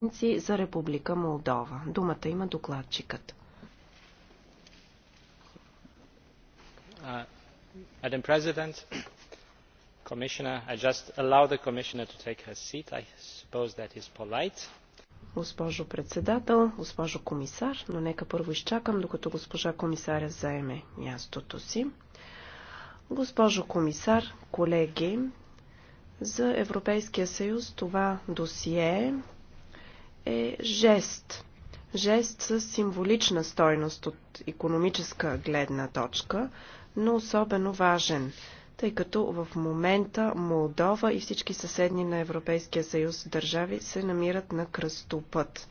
Конференции за Република Молдова. Думата има докладчикът. Uh, I just allow the Commissioner to take her seat. I suppose that is polite. Госпожо председател, госпожо комисар, но нека първо изчакам, докато госпожа комисаря заеме мястото си. Госпожо комисар, колеги, за Европейския съюз това досие е жест. Жест с символична стойност от економическа гледна точка, но особено важен, тъй като в момента Молдова и всички съседни на Европейския съюз държави се намират на кръстопът.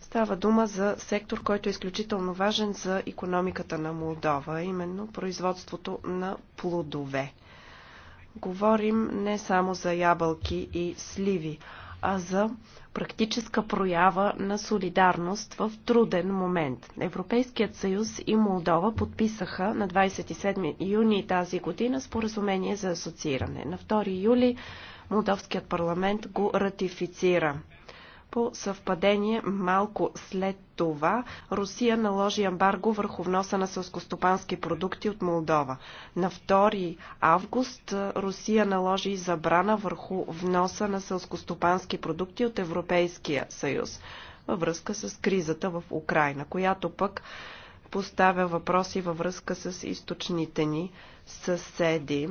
Става дума за сектор, който е изключително важен за економиката на Молдова, именно производството на плодове. Говорим не само за ябълки и сливи, а за практическа проява на солидарност в труден момент. Европейският съюз и Молдова подписаха на 27 юни тази година споразумение за асоцииране. На 2 юли Молдовският парламент го ратифицира. По съвпадение, малко след това, Русия наложи ембарго върху вноса на сълскостопански продукти от Молдова. На 2 август Русия наложи забрана върху вноса на сълскостопански продукти от Европейския съюз във връзка с кризата в Украина, която пък поставя въпроси във връзка с източните ни съседи.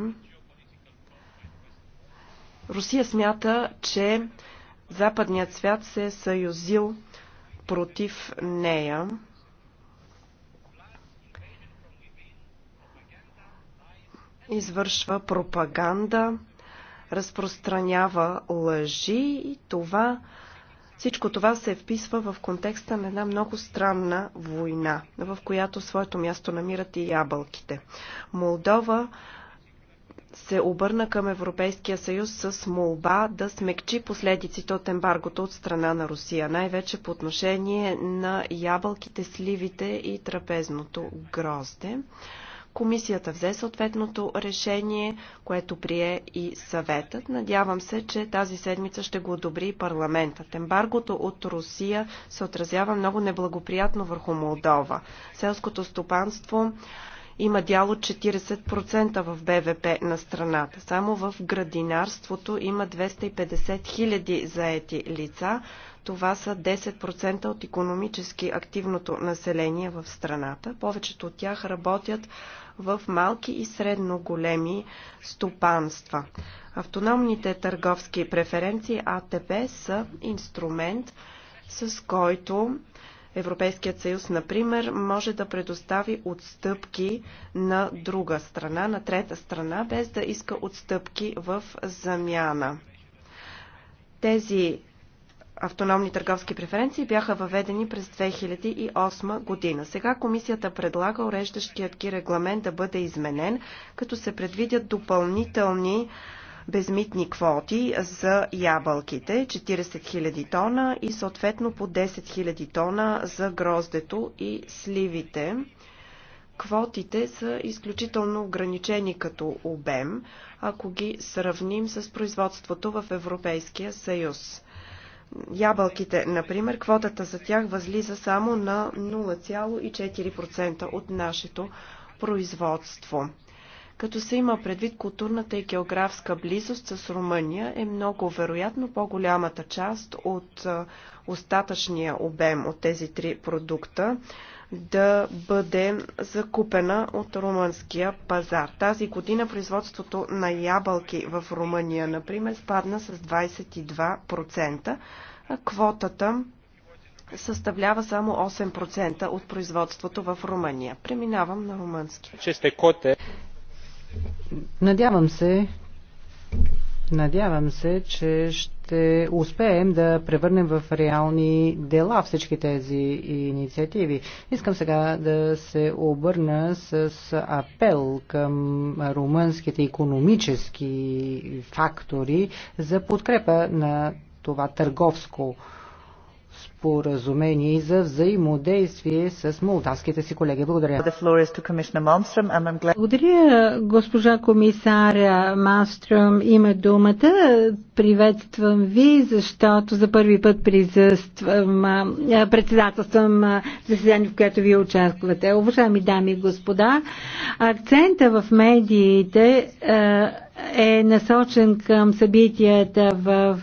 Русия смята, че Западният свят се е съюзил против нея. Извършва пропаганда, разпространява лъжи и това всичко това се вписва в контекста на една много странна война, в която своето място намират и ябълките. Молдова се обърна към Европейския съюз с молба да смекчи последиците от ембаргото от страна на Русия, най-вече по отношение на ябълките, сливите и трапезното грозде. Комисията взе съответното решение, което прие и съветът. Надявам се, че тази седмица ще го одобри и парламентът. Ембаргото от Русия се отразява много неблагоприятно върху Молдова. Селското стопанство има дял от 40% в БВП на страната. Само в градинарството има 250 хиляди заети лица. Това са 10% от економически активното население в страната. Повечето от тях работят в малки и средно големи стопанства. Автономните търговски преференции АТП са инструмент, с който Европейският съюз, например, може да предостави отстъпки на друга страна, на трета страна, без да иска отстъпки в замяна. Тези автономни търговски преференции бяха въведени през 2008 година. Сега комисията предлага уреждащият ги регламент да бъде изменен, като се предвидят допълнителни безмитни квоти за ябълките 40 000 тона и съответно по 10 000 тона за гроздето и сливите. Квотите са изключително ограничени като обем, ако ги сравним с производството в Европейския съюз. Ябълките, например, квотата за тях възлиза само на 0,4% от нашето производство. Като се има предвид културната и географска близост с Румъния, е много вероятно по-голямата част от остатъчния обем от тези три продукта да бъде закупена от румънския пазар. Тази година производството на ябълки в Румъния, например, спадна с 22%, а квотата съставлява само 8% от производството в Румъния. Преминавам на румънски. Надявам се, надявам се, че ще успеем да превърнем в реални дела всички тези инициативи. Искам сега да се обърна с апел към румънските економически фактори за подкрепа на това търговско споразумение и за взаимодействие с молдавските си колеги. Благодаря. Благодаря, госпожа комисаря Малстрюм. Има думата. Приветствам ви, защото за първи път присъствам, председателствам заседание, в което вие участвате. Уважаеми дами и господа, акцента в медиите е насочен към събитията в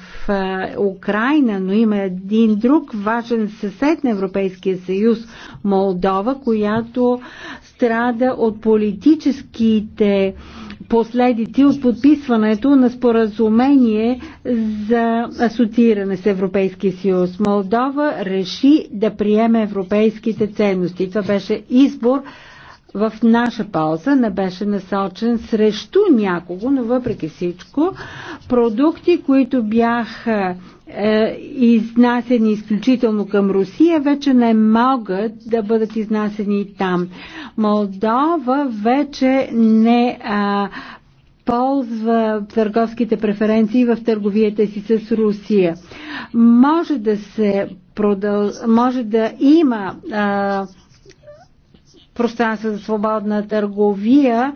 Украина, но има един друг важен съсед на Европейския съюз Молдова, която страда от политическите последици от подписването на споразумение за асоцииране с Европейския съюз. Молдова реши да приеме европейските ценности. Това беше избор в наша полза, не беше насочен срещу някого, но въпреки всичко продукти, които бяха е, изнасени изключително към Русия, вече не могат да бъдат изнасени там. Молдова вече не е, ползва търговските преференции в търговията си с Русия. Може да се продъл... може да има е, пространство за свободна търговия,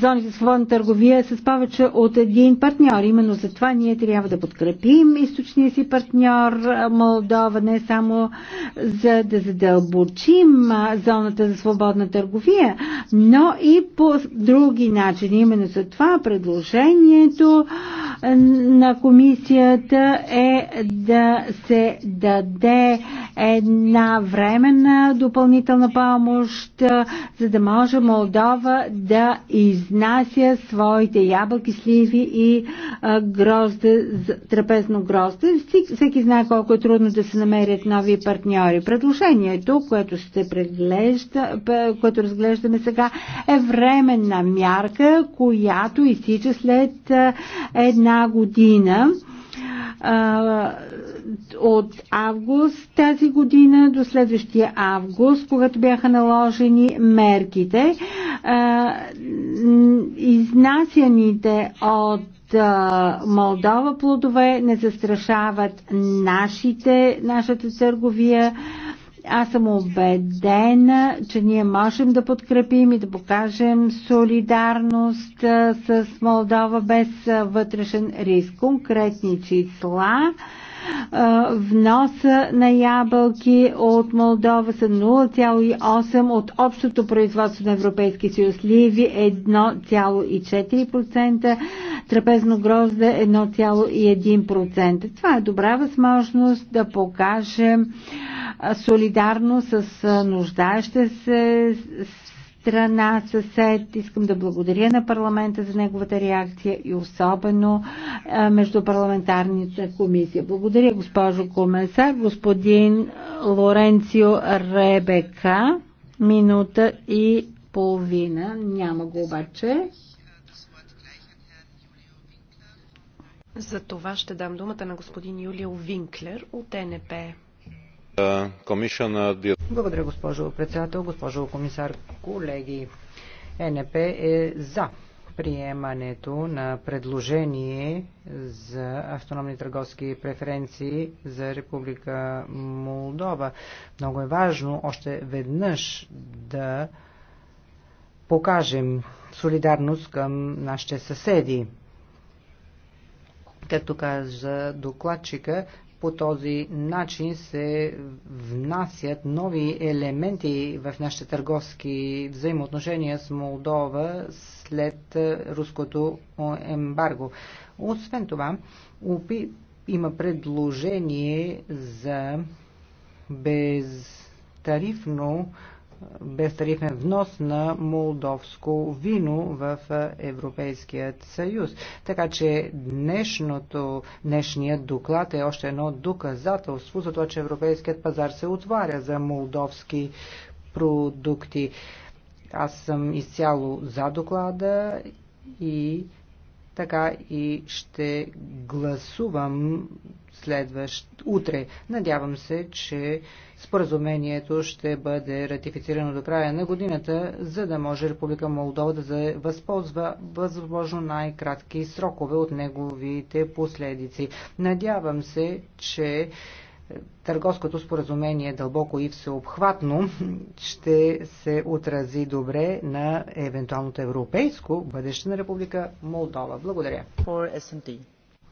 зони за свободна търговия с повече от един партньор. Именно за това ние трябва да подкрепим източния си партньор Молдова, не само за да задълбочим зоната за свободна търговия, но и по други начини. Именно за това предложението на комисията е да се даде една временна допълнителна помощ, за да може Молдова да изнася своите ябълки, сливи и грозда трапезно грозда. Всеки знае колко е трудно да се намерят нови партньори. Предложението, което, ще преглежда, което разглеждаме сега, е временна мярка, която изтича след една година а, от август тази година до следващия август, когато бяха наложени мерките. А, изнасяните от Молдова плодове не застрашават нашите, нашата търговия аз съм убедена, че ние можем да подкрепим и да покажем солидарност с Молдова без вътрешен риск. Конкретни числа вноса на ябълки от Молдова са 0,8 от общото производство на Европейски съюз. Ливи 1,4%, трапезно грозде 1,1%. Това е добра възможност да покажем солидарно с нуждаещите се, страна съсед. Искам да благодаря на парламента за неговата реакция и особено между парламентарните комисия. Благодаря, госпожо Комеса. Господин Лоренцио Ребека, минута и половина. Няма го обаче. За това ще дам думата на господин Юлио Винклер от НП. Благодаря, госпожо председател, госпожо комисар, колеги. ЕНП е за приемането на предложение за автономни търговски преференции за Република Молдова. Много е важно още веднъж да покажем солидарност към нашите съседи. Както каза докладчика, по този начин се внасят нови елементи в нашите търговски взаимоотношения с Молдова след руското ембарго. Освен това, УПИ има предложение за безтарифно безтарифен внос на молдовско вино в Европейският съюз. Така че днешното, днешният доклад е още едно доказателство за това, че европейският пазар се отваря за молдовски продукти. Аз съм изцяло за доклада и така и ще гласувам следващ утре. Надявам се, че споразумението ще бъде ратифицирано до края на годината, за да може Република Молдова да се възползва възможно най-кратки срокове от неговите последици. Надявам се, че търговското споразумение дълбоко и всеобхватно ще се отрази добре на евентуалното европейско бъдеще на Република Молдова. Благодаря.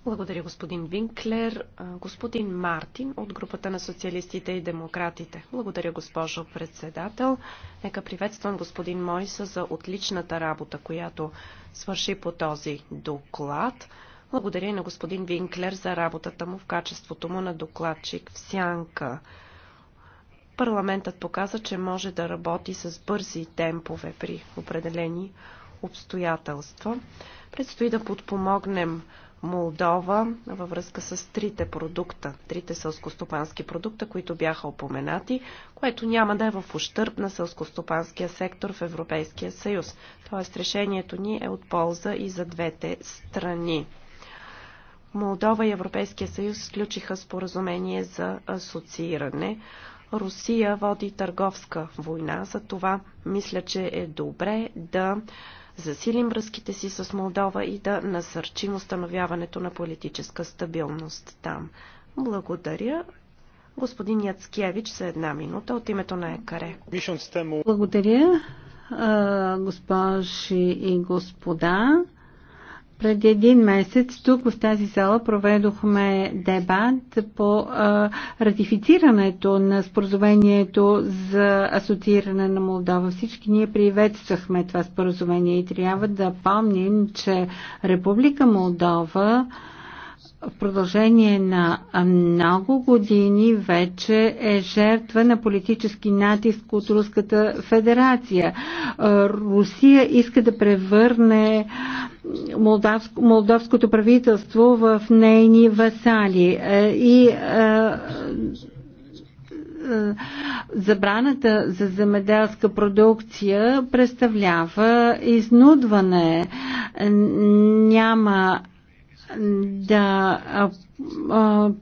Благодаря, господин Винклер. Господин Мартин от групата на социалистите и демократите. Благодаря, госпожо председател. Нека приветствам господин Мойса за отличната работа, която свърши по този доклад. Благодаря и на господин Винклер за работата му в качеството му на докладчик в Сянка. Парламентът показа, че може да работи с бързи темпове при определени обстоятелства. Предстои да подпомогнем Молдова във връзка с трите продукта, трите селскостопански продукта, които бяха опоменати, което няма да е в ущърп на селскостопанския сектор в Европейския съюз. Тоест решението ни е от полза и за двете страни. Молдова и Европейския съюз сключиха споразумение за асоцииране. Русия води търговска война, за това мисля, че е добре да засилим връзките си с Молдова и да насърчим установяването на политическа стабилност там. Благодаря. Господин Яцкевич за една минута от името на ЕКАРЕ. Благодаря, госпожи и господа. Преди един месец тук в тази зала проведохме дебат по а, ратифицирането на споразумението за асоцииране на Молдова. Всички ние приветствахме това споразумение и трябва да помним, че Република Молдова а, в продължение на много години вече е жертва на политически натиск от Руската федерация. Русия иска да превърне молдавско, молдовското правителство в нейни васали. Е, и е, е, забраната за земеделска продукция представлява изнудване. Няма да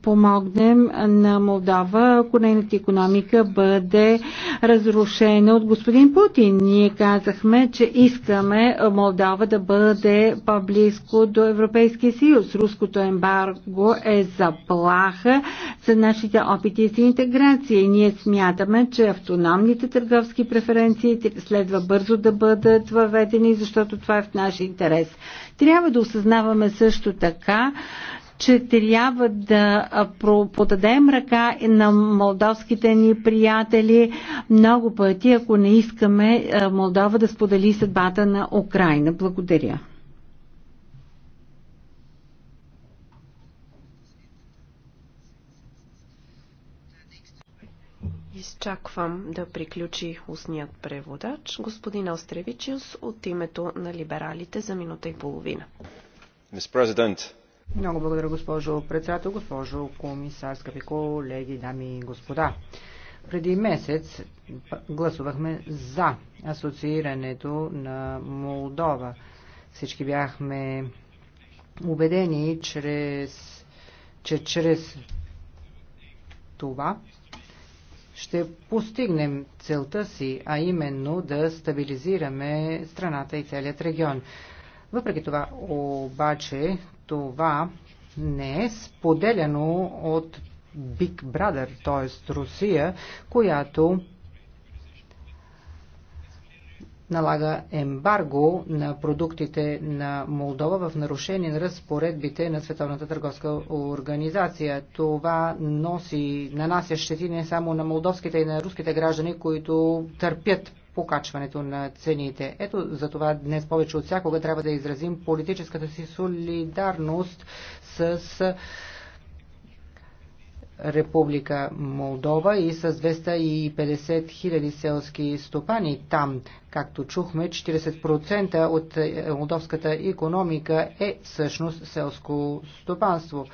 помогнем на Молдова, ако нейната економика бъде разрушена от господин Путин. Ние казахме, че искаме Молдова да бъде по-близко до Европейския съюз. Руското ембарго е заплаха за нашите опити за интеграция. Ние смятаме, че автономните търговски преференции следва бързо да бъдат въведени, защото това е в наш интерес. Трябва да осъзнаваме също така, че трябва да подадем ръка на молдовските ни приятели много пъти, ако не искаме Молдова да сподели съдбата на Украина. Благодаря. изчаквам да приключи устният преводач, господин Остревичиус от името на либералите за минута и половина. Много благодаря, госпожо председател, госпожо комисар, скъпи колеги, дами и господа. Преди месец гласувахме за асоциирането на Молдова. Всички бяхме убедени, чрез, че чрез това ще постигнем целта си, а именно да стабилизираме страната и целият регион. Въпреки това, обаче, това не е споделяно от Big Brother, т.е. Русия, която налага ембарго на продуктите на Молдова в нарушение на разпоредбите на Световната търговска организация. Това носи, нанася щети не само на молдовските и на руските граждани, които търпят покачването на цените. Ето за това днес повече от всякога трябва да изразим политическата си солидарност с Република Молдова и с 250 хиляди селски стопани там. Както чухме, 40% от е, молдовската економика е всъщност селско стопанство.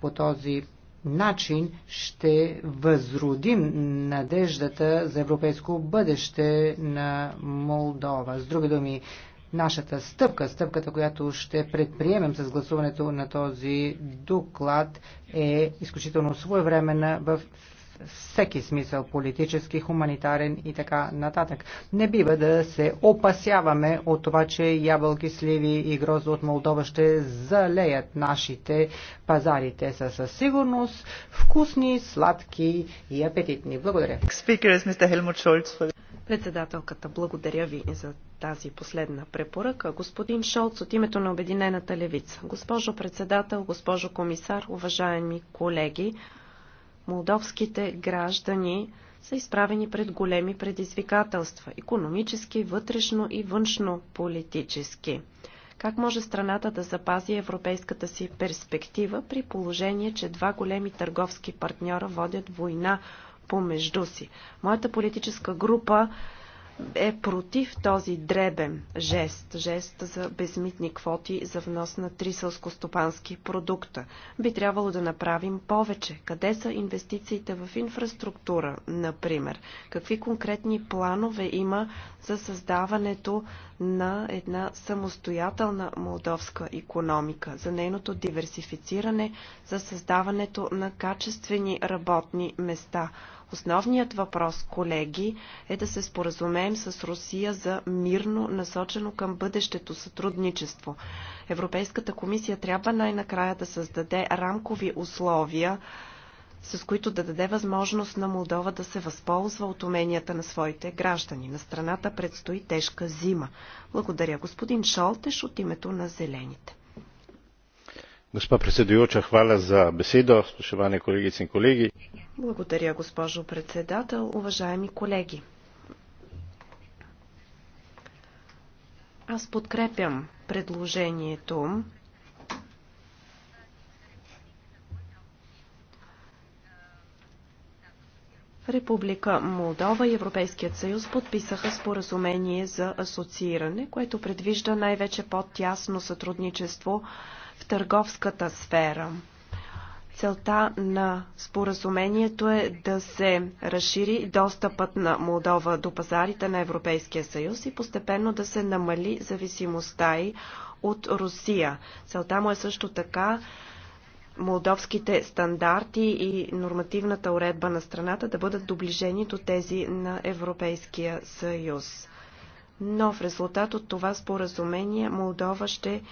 По този начин ще възродим надеждата за европейско бъдеще на Молдова. С други думи, нашата стъпка, стъпката, която ще предприемем с гласуването на този доклад, е изключително своевременна в всеки смисъл, политически, хуманитарен и така нататък. Не бива да се опасяваме от това, че ябълки, сливи и грозо от Молдова ще залеят нашите пазари. Те са със сигурност вкусни, сладки и апетитни. Благодаря. Председателката, благодаря ви за тази последна препоръка. Господин Шолц от името на Обединената левица. Госпожо председател, госпожо комисар, уважаеми колеги, молдовските граждани са изправени пред големи предизвикателства – економически, вътрешно и външно-политически. Как може страната да запази европейската си перспектива при положение, че два големи търговски партньора водят война помежду си. Моята политическа група е против този дребен жест, жест за безмитни квоти за внос на три сълскостопански продукта. Би трябвало да направим повече. Къде са инвестициите в инфраструктура, например? Какви конкретни планове има за създаването на една самостоятелна молдовска економика, за нейното диверсифициране, за създаването на качествени работни места. Основният въпрос, колеги, е да се споразумеем с Русия за мирно, насочено към бъдещето сътрудничество. Европейската комисия трябва най-накрая да създаде рамкови условия, с които да даде възможност на Молдова да се възползва от уменията на своите граждани. На страната предстои тежка зима. Благодаря господин Шолтеш от името на Зелените. Госпа predsedujoča, хваля за беседа, Spoštovane колегици и колеги. Благодаря, госпожо председател. Уважаеми колеги, аз подкрепям предложението Република Молдова и Европейският съюз подписаха споразумение за асоцииране, което предвижда най-вече по-тясно сътрудничество в търговската сфера. Целта на споразумението е да се разшири достъпът на Молдова до пазарите на Европейския съюз и постепенно да се намали зависимостта й от Русия. Целта му е също така молдовските стандарти и нормативната уредба на страната да бъдат доближени до тези на Европейския съюз. Но в резултат от това споразумение Молдова ще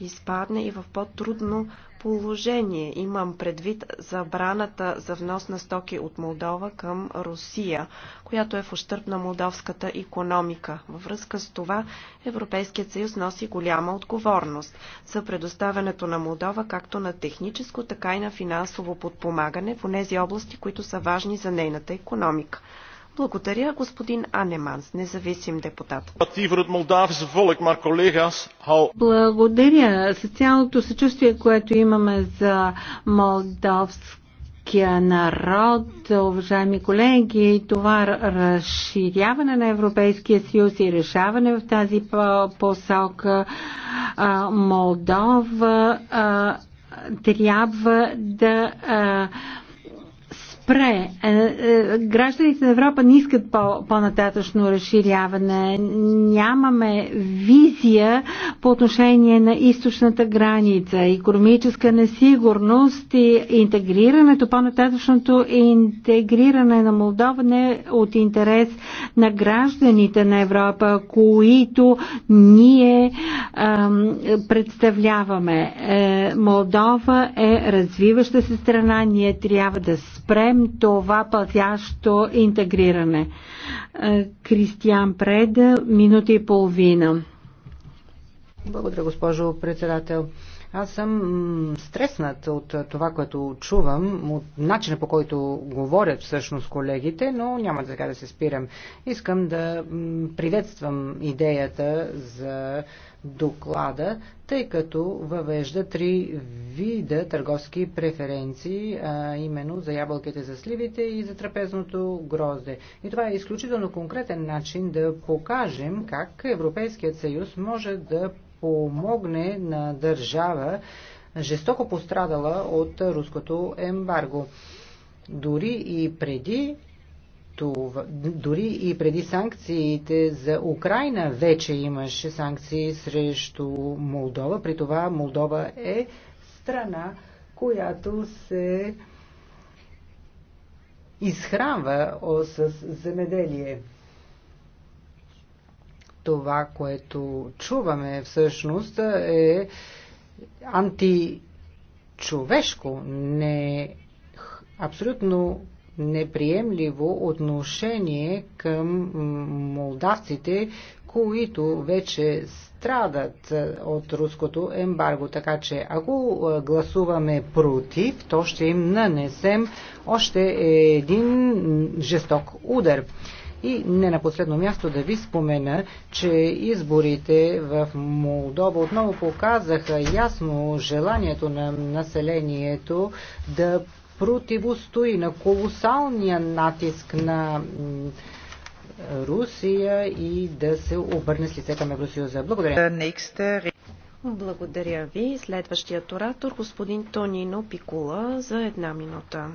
изпадне и в по-трудно положение. Имам предвид забраната за внос на стоки от Молдова към Русия, която е в ощърп на молдовската економика. Във връзка с това Европейският съюз носи голяма отговорност за предоставянето на Молдова както на техническо, така и на финансово подпомагане в тези области, които са важни за нейната економика. Благодаря, господин Анеманс, независим депутат. Благодаря. С цялото съчувствие, което имаме за молдавско народ, уважаеми колеги, това разширяване на Европейския съюз и решаване в тази посока Молдова трябва да спре. Е, е, гражданите на Европа не искат по- по-нататъчно разширяване. Нямаме визия по отношение на източната граница, економическа несигурност и интегрирането, по-нататъчното интегриране на Молдова не е от интерес на гражданите на Европа, които ние ам, представляваме. Молдова е развиваща се страна, ние трябва да спрем спрем това пътящо интегриране. Е, Кристиан Пред, минута и половина. Благодаря, госпожо председател. Аз съм стреснат от това, което чувам, от начина по който говорят всъщност колегите, но няма така да се спирам. Искам да приветствам идеята за доклада, тъй като въвежда три вида търговски преференции, а именно за ябълките за сливите и за трапезното грозде. И това е изключително конкретен начин да покажем как Европейският съюз може да помогне на държава, жестоко пострадала от руското ембарго. Дори и преди това, дори и преди санкциите за Украина вече имаше санкции срещу Молдова. При това Молдова е страна, която се изхранва с земеделие това, което чуваме всъщност е античовешко, не, абсолютно неприемливо отношение към молдавците, които вече страдат от руското ембарго. Така че ако гласуваме против, то ще им нанесем още един жесток удар. И не на последно място да ви спомена, че изборите в Молдова отново показаха ясно желанието на населението да противостои на колосалния натиск на Русия и да се обърне с лице към Евросъюза. Благодаря. Благодаря ви. Следващият оратор, господин Тонино Пикула, за една минута.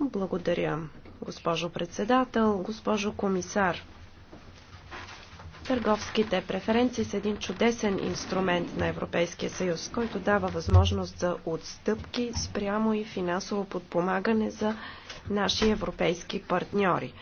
Благодаря госпожо председател, госпожо комисар. Търговските преференции са един чудесен инструмент на Европейския съюз, който дава възможност за отстъпки спрямо и финансово подпомагане за наши европейски партньори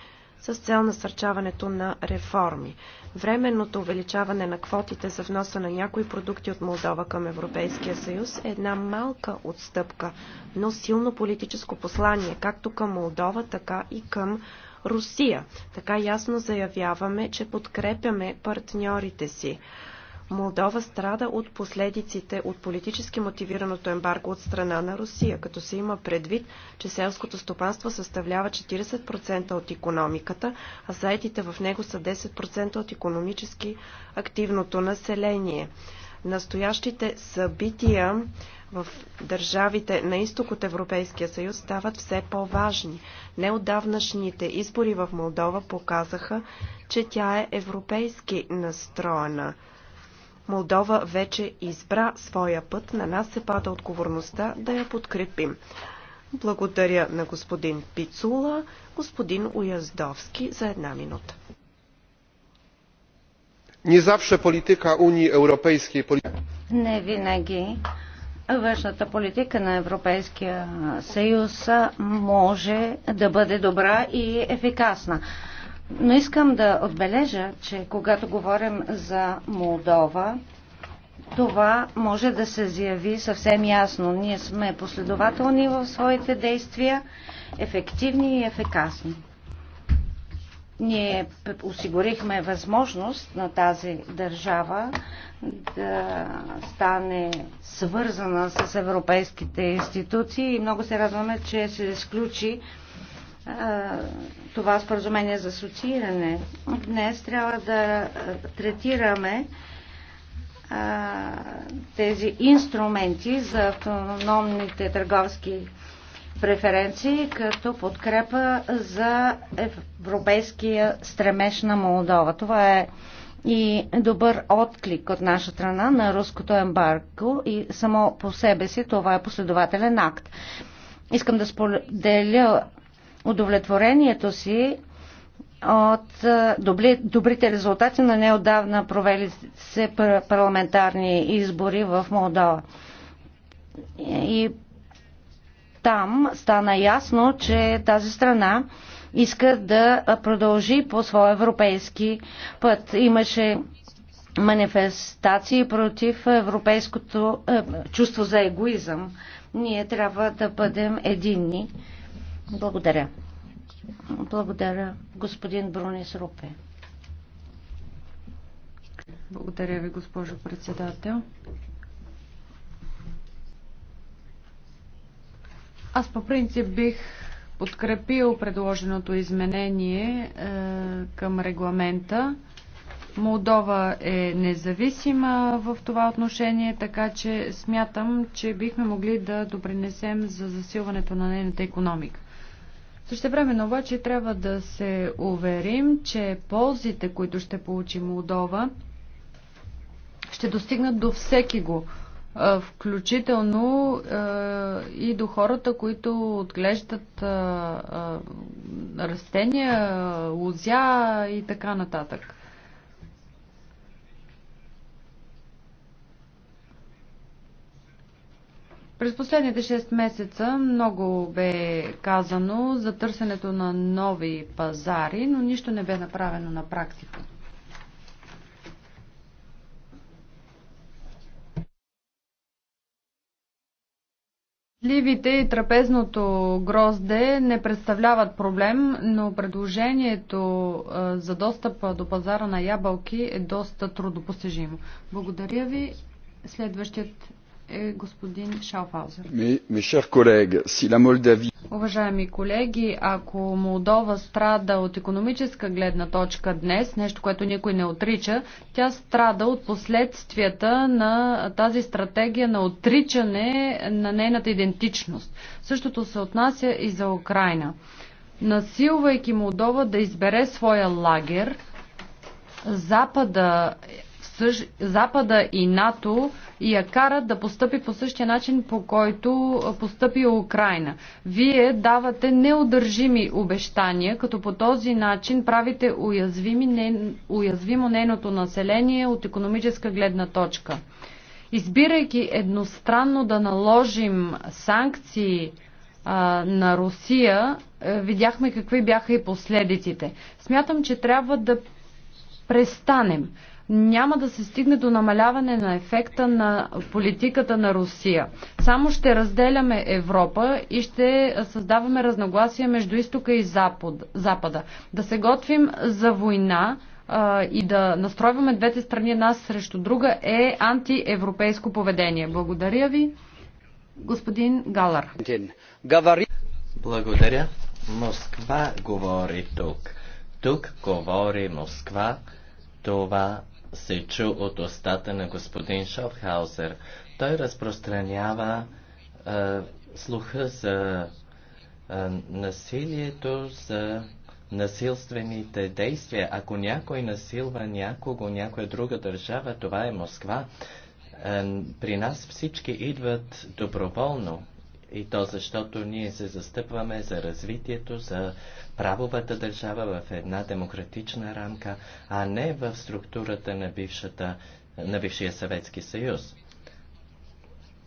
с цел насърчаването на реформи. Временното увеличаване на квотите за вноса на някои продукти от Молдова към Европейския съюз е една малка отстъпка, но силно политическо послание, както към Молдова, така и към Русия. Така ясно заявяваме, че подкрепяме партньорите си. Молдова страда от последиците от политически мотивираното ембарго от страна на Русия, като се има предвид, че селското стопанство съставлява 40% от економиката, а заетите в него са 10% от економически активното население. Настоящите събития в държавите на изток от Европейския съюз стават все по-важни. Неодавнашните избори в Молдова показаха, че тя е европейски настроена. Молдова вече избра своя път. На нас се пада отговорността да я подкрепим. Благодаря на господин Пицула, господин Уяздовски за една минута. Nie zawsze polityka Unii Europejskiej. Не винаги външната политика на Европейския съюз може да бъде добра и ефикасна. Но искам да отбележа, че когато говорим за Молдова, това може да се заяви съвсем ясно. Ние сме последователни в своите действия, ефективни и ефекасни. Ние осигурихме възможност на тази държава да стане свързана с европейските институции и много се радваме, че се изключи това споразумение за асоцииране. Днес трябва да третираме а, тези инструменти за автономните търговски преференции като подкрепа за европейския стремеж на Молдова. Това е и добър отклик от наша страна на руското ембарго и само по себе си това е последователен акт. Искам да споделя удовлетворението си от е, добри, добрите резултати на неодавна провели се парламентарни избори в Молдова. И там стана ясно, че тази страна иска да продължи по своя европейски път. Имаше манифестации против европейското е, чувство за егоизъм. Ние трябва да бъдем единни. Благодаря. Благодаря, господин Брунис Рупе. Благодаря ви, госпожо председател. Аз по принцип бих подкрепил предложеното изменение е, към регламента. Молдова е независима в това отношение, така че смятам, че бихме могли да допринесем за засилването на нейната економика време обаче трябва да се уверим, че ползите, които ще получи Молдова, ще достигнат до всеки го, включително и до хората, които отглеждат растения, лузя и така нататък. През последните 6 месеца много бе казано за търсенето на нови пазари, но нищо не бе направено на практика. Сливите и трапезното грозде не представляват проблем, но предложението за достъп до пазара на ябълки е доста трудопостижимо. Благодаря ви. Следващият е господин Шауфаузер. Уважаеми колеги, ако Молдова страда от економическа гледна точка днес, нещо, което никой не отрича, тя страда от последствията на тази стратегия на отричане на нейната идентичност. Същото се отнася и за Украина. Насилвайки Молдова да избере своя лагер, Запада Запада и НАТО и я карат да постъпи по същия начин, по който постъпи Украина. Вие давате неудържими обещания, като по този начин правите уязвими, не... уязвимо нейното население от економическа гледна точка. Избирайки едностранно да наложим санкции, на Русия, е, видяхме какви бяха и последиците. Смятам, че трябва да престанем няма да се стигне до намаляване на ефекта на политиката на Русия. Само ще разделяме Европа и ще създаваме разногласия между изтока и запад, запада. Да се готвим за война а, и да настройваме двете страни нас срещу друга е антиевропейско поведение. Благодаря ви, господин Галар. Благодаря. Москва говори тук. Тук говори Москва. Това се чу от устата на господин Шофхаузер. Той разпространява е, слуха за е, насилието, за насилствените действия. Ако някой насилва някого, някоя друга държава, това е Москва. Е, при нас всички идват доброволно. И то защото ние се застъпваме за развитието, за правовата държава в една демократична рамка, а не в структурата на, бившата, на бившия Съветски съюз.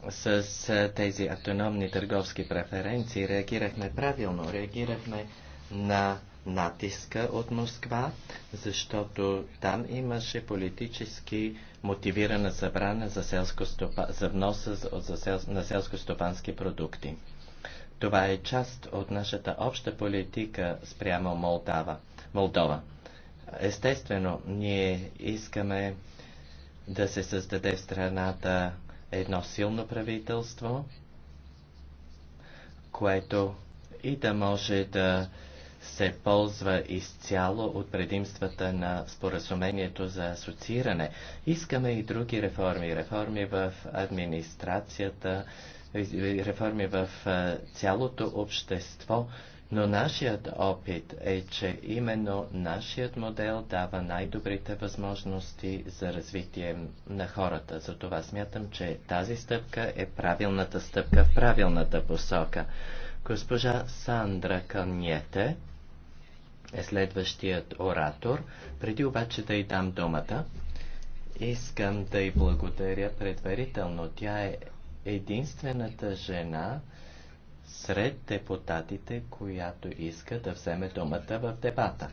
С тези автономни търговски преференции реагирахме правилно, реагирахме на натиска от Москва, защото там имаше политически мотивирана забрана за, селско стопа, за вноса за сел, на селско-стопански продукти. Това е част от нашата обща политика спрямо Молдава, Молдова. Естествено, ние искаме да се създаде в страната едно силно правителство, което и да може да се ползва изцяло от предимствата на споразумението за асоцииране. Искаме и други реформи. Реформи в администрацията, реформи в цялото общество, но нашият опит е, че именно нашият модел дава най-добрите възможности за развитие на хората. Затова смятам, че тази стъпка е правилната стъпка в правилната посока. Госпожа Сандра Каньете е следващият оратор. Преди обаче да й дам думата, искам да й благодаря предварително. Тя е единствената жена сред депутатите, която иска да вземе думата в дебата.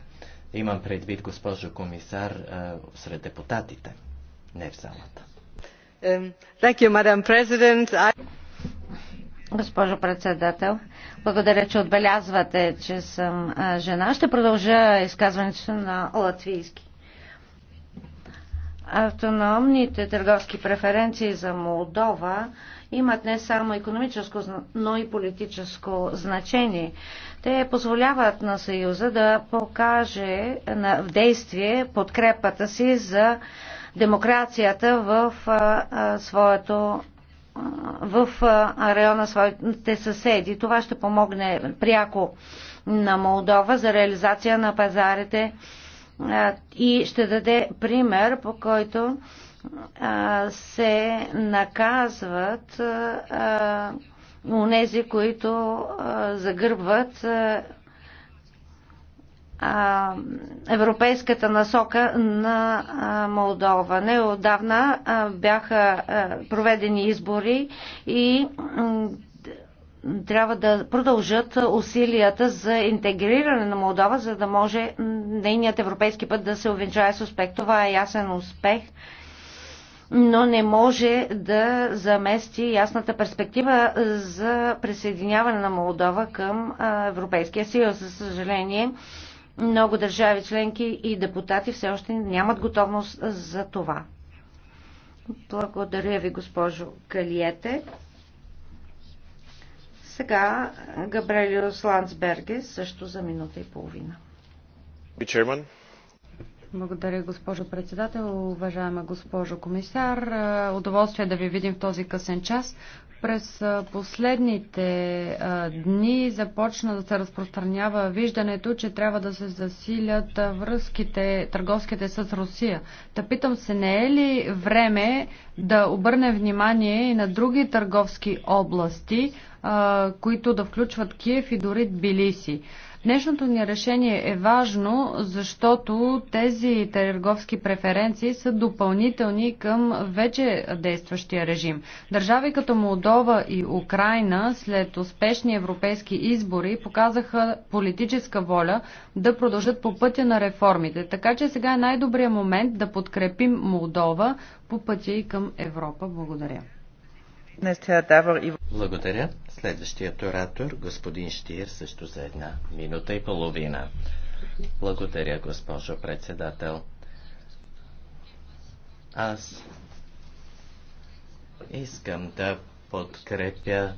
Имам предвид, госпожо комисар, сред депутатите, не в залата. Thank you, Madam President. I... Госпожо председател, благодаря, че отбелязвате, че съм жена. Ще продължа изказването на латвийски. Автономните търговски преференции за Молдова имат не само економическо, но и политическо значение. Те позволяват на Съюза да покаже в действие подкрепата си за демокрацията в своето в района своите съседи. Това ще помогне пряко на Молдова за реализация на пазарите и ще даде пример, по който се наказват унези, които загърбват а, европейската насока на а, Молдова. Не отдавна а, бяха а, проведени избори и трябва да продължат усилията за интегриране на Молдова, за да може нейният европейски път да се увенчае с успех. Това е ясен успех, но не може да замести ясната перспектива за присъединяване на Молдова към Европейския съюз. За съжаление, много държави членки и депутати все още нямат готовност за това. Благодаря ви, госпожо Калиете. Сега Габрелиус Ландсберге също за минута и половина. Chairman, благодаря, госпожо председател. Уважаема госпожо комисар, удоволствие да ви видим в този късен час. През последните дни започна да се разпространява виждането, че трябва да се засилят връзките, търговските с Русия. Та питам се, не е ли време да обърне внимание и на други търговски области, които да включват Киев и дори Тбилиси? Днешното ни решение е важно, защото тези търговски преференции са допълнителни към вече действащия режим. Държави като Молдова и Украина след успешни европейски избори показаха политическа воля да продължат по пътя на реформите. Така че сега е най-добрият момент да подкрепим Молдова по пътя и към Европа. Благодаря. Благодаря. Следващият оратор, господин Штир, също за една минута и половина. Благодаря, госпожо председател. Аз искам да подкрепя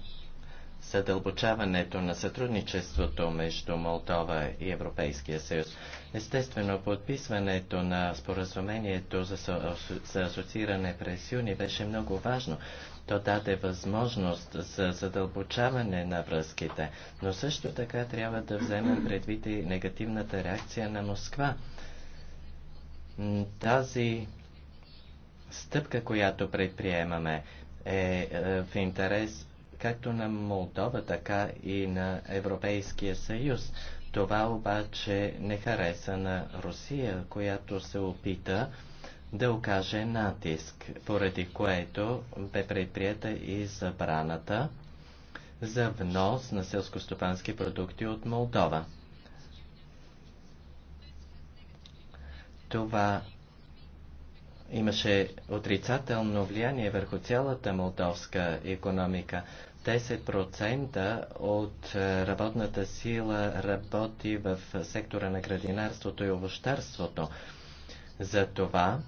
задълбочаването на сътрудничеството между Молдова и Европейския съюз. Естествено, подписването на споразумението за, асоцииране през юни беше много важно, то даде възможност за задълбочаване на връзките, но също така трябва да вземем предвид и негативната реакция на Москва. Тази стъпка, която предприемаме, е, е в интерес както на Молдова, така и на Европейския съюз. Това обаче не хареса на Русия, която се опита да окаже натиск, поради което бе предприята и забраната за внос на селскостопански продукти от Молдова. Това имаше отрицателно влияние върху цялата молдовска економика. 10% от е, работната сила работи в сектора на градинарството и овощарството. това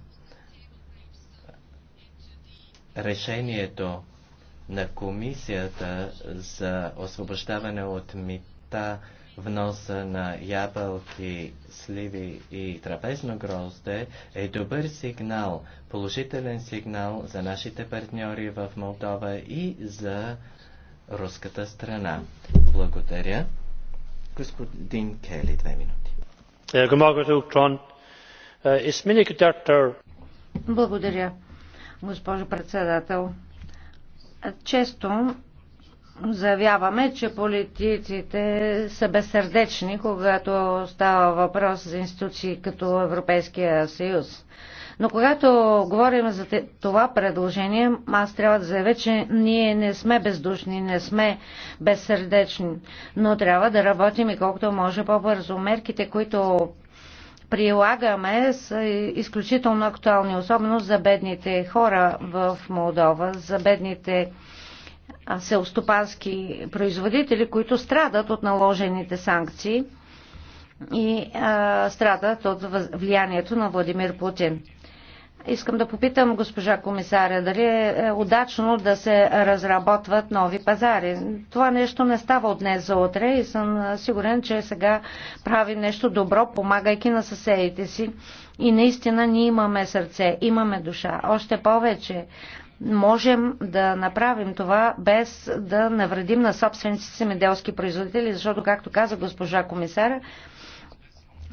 решението на комисията за освобождаване от мита вноса на ябълки, сливи и трапезно грозде е добър сигнал, положителен сигнал за нашите партньори в Молдова и за руската страна. Благодаря. Господин Кели, две минути. Е, е, Благодаря госпожо председател. Често заявяваме, че политиците са безсърдечни, когато става въпрос за институции като Европейския съюз. Но когато говорим за това предложение, аз трябва да заявя, че ние не сме бездушни, не сме безсърдечни, но трябва да работим и колкото може по-бързо. Мерките, които прилагаме са изключително актуални, особено за бедните хора в Молдова, за бедните селстопански производители, които страдат от наложените санкции и а, страдат от влиянието на Владимир Путин. Искам да попитам госпожа комисаря, дали е, е удачно да се разработват нови пазари. Това нещо не става от днес за утре и съм е, сигурен, че сега прави нещо добро, помагайки на съседите си. И наистина ние имаме сърце, имаме душа. Още повече можем да направим това без да навредим на собствените си земеделски производители, защото, както каза госпожа комисаря,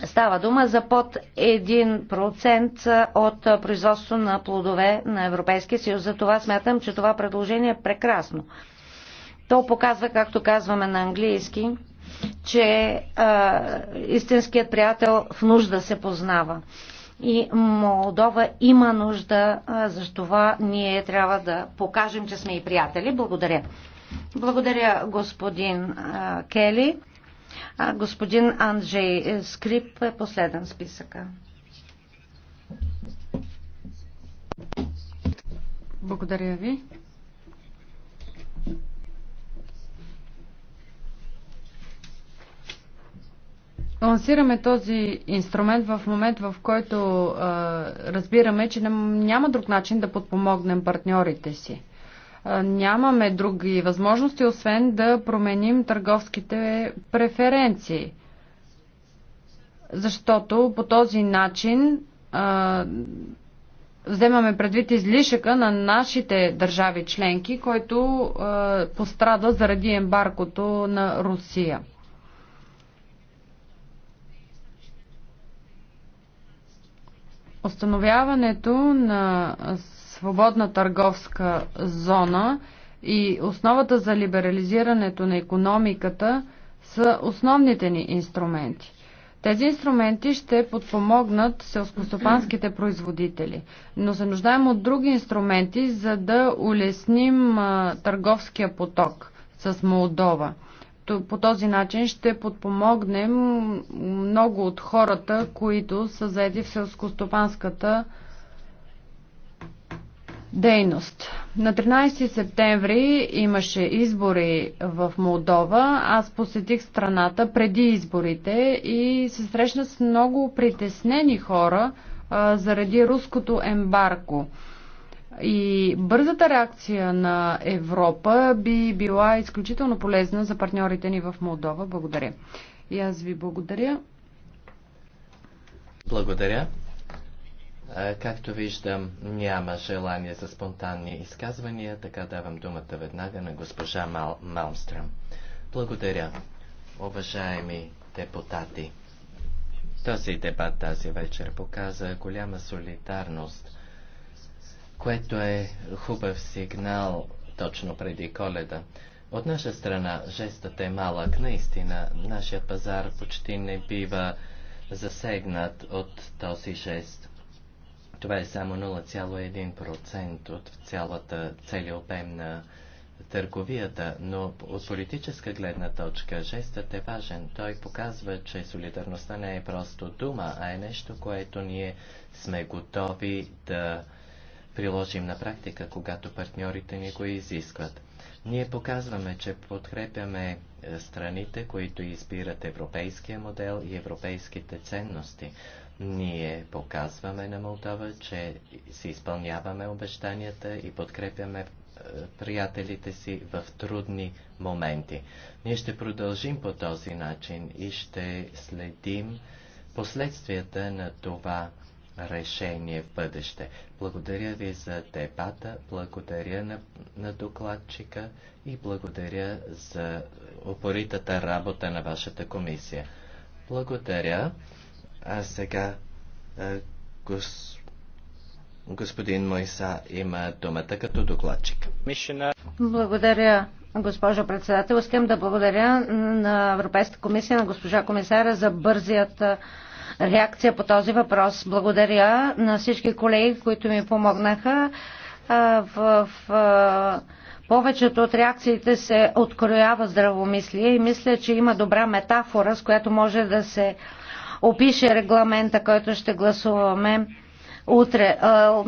Става дума за под 1% от производство на плодове на Европейския съюз. За това смятам, че това предложение е прекрасно. То показва, както казваме на английски, че а, истинският приятел в нужда се познава. И Молдова има нужда, защото за това ние трябва да покажем, че сме и приятели. Благодаря. Благодаря, господин а, Кели. А, господин Анджей Скрип е последен в списъка. Благодаря ви. Лансираме този инструмент в момент, в който а, разбираме, че няма друг начин да подпомогнем партньорите си нямаме други възможности, освен да променим търговските преференции. Защото по този начин а, вземаме предвид излишъка на нашите държави членки, който а, пострада заради ембаркото на Русия. Остановяването на свободна търговска зона и основата за либерализирането на економиката са основните ни инструменти. Тези инструменти ще подпомогнат селскостопанските производители, но се нуждаем от други инструменти, за да улесним търговския поток с Молдова. По този начин ще подпомогнем много от хората, които са заети в селскостопанската дейност. На 13 септември имаше избори в Молдова. Аз посетих страната преди изборите и се срещна с много притеснени хора а, заради руското ембарко. И бързата реакция на Европа би била изключително полезна за партньорите ни в Молдова. Благодаря. И аз ви благодаря. Благодаря. Както виждам, няма желание за спонтанни изказвания, така давам думата веднага на госпожа Мал Малмстрам. Благодаря, уважаеми депутати. Този дебат тази вечер показа голяма солидарност, което е хубав сигнал точно преди коледа. От наша страна жестът е малък, наистина. Нашия пазар почти не бива засегнат от този жест. Това е само 0,1% от цялата целия обем на търговията, но от политическа гледна точка жестът е важен. Той показва, че солидарността не е просто дума, а е нещо, което ние сме готови да приложим на практика, когато партньорите ни го изискват. Ние показваме, че подкрепяме е, страните, които избират европейския модел и европейските ценности. Ние показваме на Молдова, че си изпълняваме обещанията и подкрепяме е, приятелите си в трудни моменти. Ние ще продължим по този начин и ще следим последствията на това решение в бъдеще. Благодаря ви за дебата, благодаря на, на докладчика и благодаря за упоритата работа на вашата комисия. Благодаря. А сега гос... господин Мойса има думата като докладчик. Благодаря, госпожо председател. Искам да благодаря на Европейската комисия, на госпожа комисара за бързият реакция по този въпрос. Благодаря на всички колеги, които ми помогнаха в, в повечето от реакциите се откроява здравомислие и мисля, че има добра метафора, с която може да се опише регламента, който ще гласуваме утре. Е,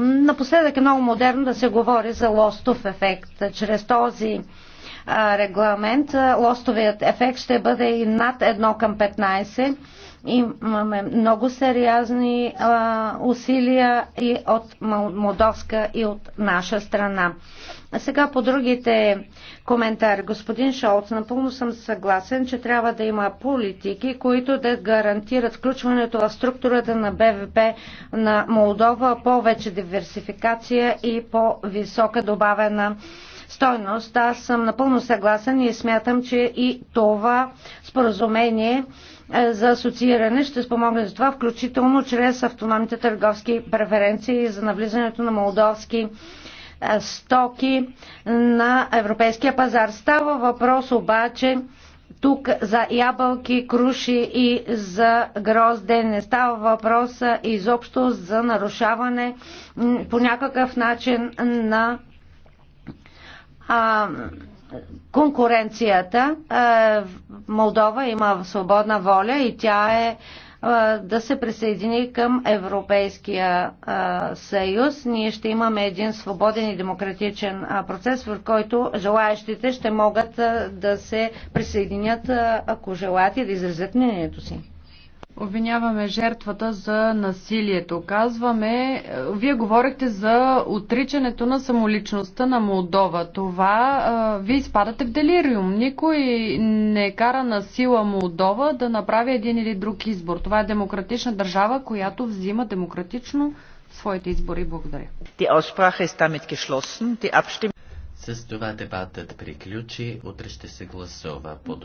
напоследък е много модерно да се говори за лостов ефект. Чрез този е, регламент е, лостовият ефект ще бъде и над 1 към 15 Имаме много сериозни а, усилия и от Молдовска и от наша страна. А сега по другите коментари. Господин Шолц, напълно съм съгласен, че трябва да има политики, които да гарантират включването в структурата на БВП на Молдова повече диверсификация и по-висока добавена а, стойност. Аз съм напълно съгласен и смятам, че и това споразумение е, за асоцииране ще спомогне за това, включително чрез автономните търговски преференции за навлизането на молдовски е, стоки на европейския пазар. Става въпрос обаче тук за ябълки, круши и за грозде. Не става въпрос изобщо за нарушаване по някакъв начин на а, конкуренцията. А, Молдова има свободна воля и тя е а, да се присъедини към Европейския а, съюз. Ние ще имаме един свободен и демократичен а, процес, в който желаящите ще могат а, да се присъединят, а, ако желаят и да изразят мнението си. Обвиняваме жертвата за насилието. Казваме, е, вие говорихте за отричането на самоличността на Молдова. Това а, е, вие изпадате в делириум. Никой не кара на сила Молдова да направи един или друг избор. Това е демократична държава, която взима демократично своите избори. Благодаря. С това дебатът приключи. Утре ще се гласува по